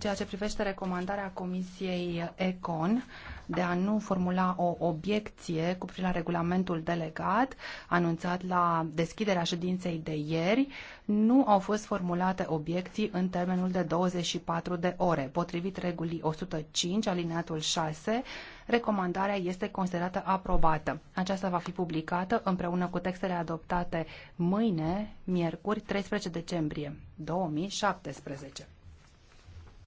ceea ce privește recomandarea Comisiei ECON de a nu formula o obiecție cu privire la regulamentul delegat anunțat la deschiderea ședinței de ieri, nu au fost formulate obiecții în termenul de 24 de ore. Potrivit regulii 105, alineatul 6, recomandarea este considerată aprobată. Aceasta va fi publicată împreună cu textele adoptate mâine, miercuri, 13 decembrie 2017.